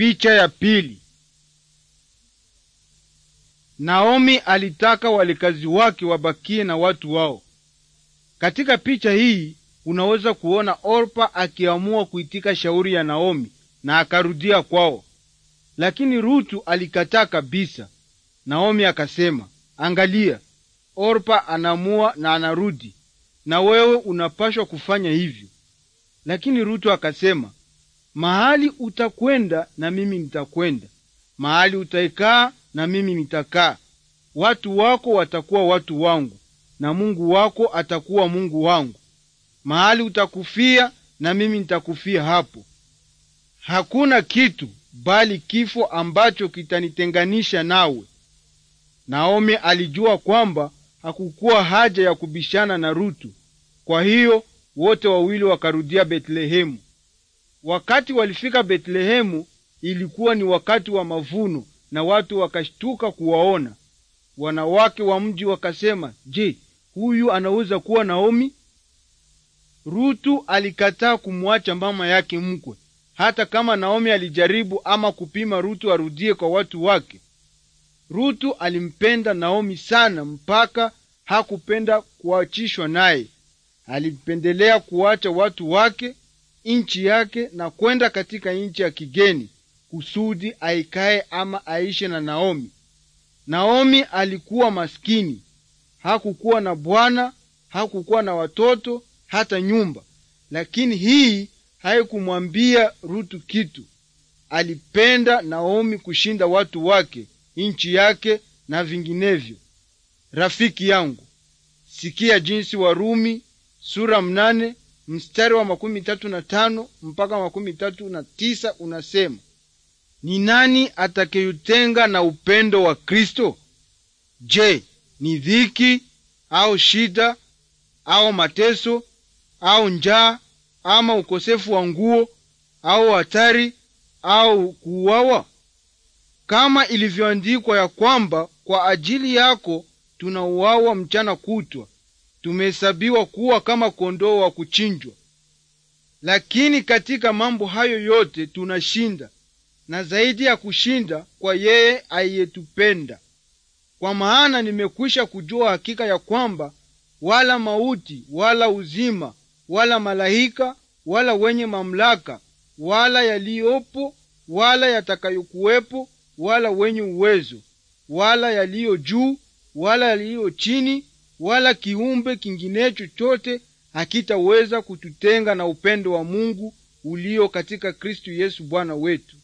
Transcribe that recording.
Picha ya pili. Naomi alitaka walikazi wake wabakie na watu wao. Katika picha hii unaweza kuona Orpa akiamua kuitika shauri ya Naomi na akarudia kwao, lakini Rutu alikataa kabisa. Naomi akasema, angalia, Orpa anamua na anarudi, na wewe unapashwa kufanya hivyo. Lakini Rutu akasema, Mahali utakwenda na mimi nitakwenda, mahali utaikaa na mimi nitakaa. Watu wako watakuwa watu wangu, na Mungu wako atakuwa Mungu wangu. Mahali utakufia na mimi nitakufia hapo. Hakuna kitu bali kifo ambacho kitanitenganisha nawe. Naomi alijua kwamba hakukuwa haja ya kubishana na Rutu, kwa hiyo wote wawili wakarudia Betlehemu. Wakati walifika Betlehemu, ilikuwa ni wakati wa mavuno, na watu wakashtuka kuwaona. Wanawake wa mji wakasema, je, huyu anaweza kuwa Naomi? Rutu alikataa kumwacha mama yake mkwe, hata kama Naomi alijaribu ama kupima Rutu arudie kwa watu wake. Rutu alimpenda Naomi sana mpaka hakupenda kuachishwa naye. Alipendelea kuacha watu wake nchi yake na kwenda katika nchi ya kigeni kusudi aikae ama aishe na Naomi. Naomi alikuwa maskini, hakukuwa na bwana, hakukuwa na watoto, hata nyumba, lakini hii haikumwambia Rutu kitu. Alipenda Naomi kushinda watu wake, nchi yake na vinginevyo. Rafiki yangu, sikia jinsi Warumi sura mnane mstari wa makumi tatu na tano mpaka makumi tatu na tisa unasema, ni nani atakeyutenga na upendo wa Kristo? Je, ni dhiki au shida au mateso au njaa ama ukosefu wa nguo au hatari au kuuawa? Kama ilivyoandikwa ya kwamba kwa ajili yako tunauawa mchana kutwa, tumehesabiwa kuwa kama kondoo wa kuchinjwa. Lakini katika mambo hayo yote tunashinda, na zaidi ya kushinda, kwa yeye aiyetupenda. Kwa maana nimekwisha kujua hakika ya kwamba wala mauti wala uzima wala malaika wala wenye mamlaka wala yaliyopo wala yatakayokuwepo wala wenye uwezo wala yaliyo juu wala yaliyo chini wala kiumbe kingine chochote hakitaweza kututenga na upendo wa Mungu ulio katika Kristo Yesu Bwana wetu.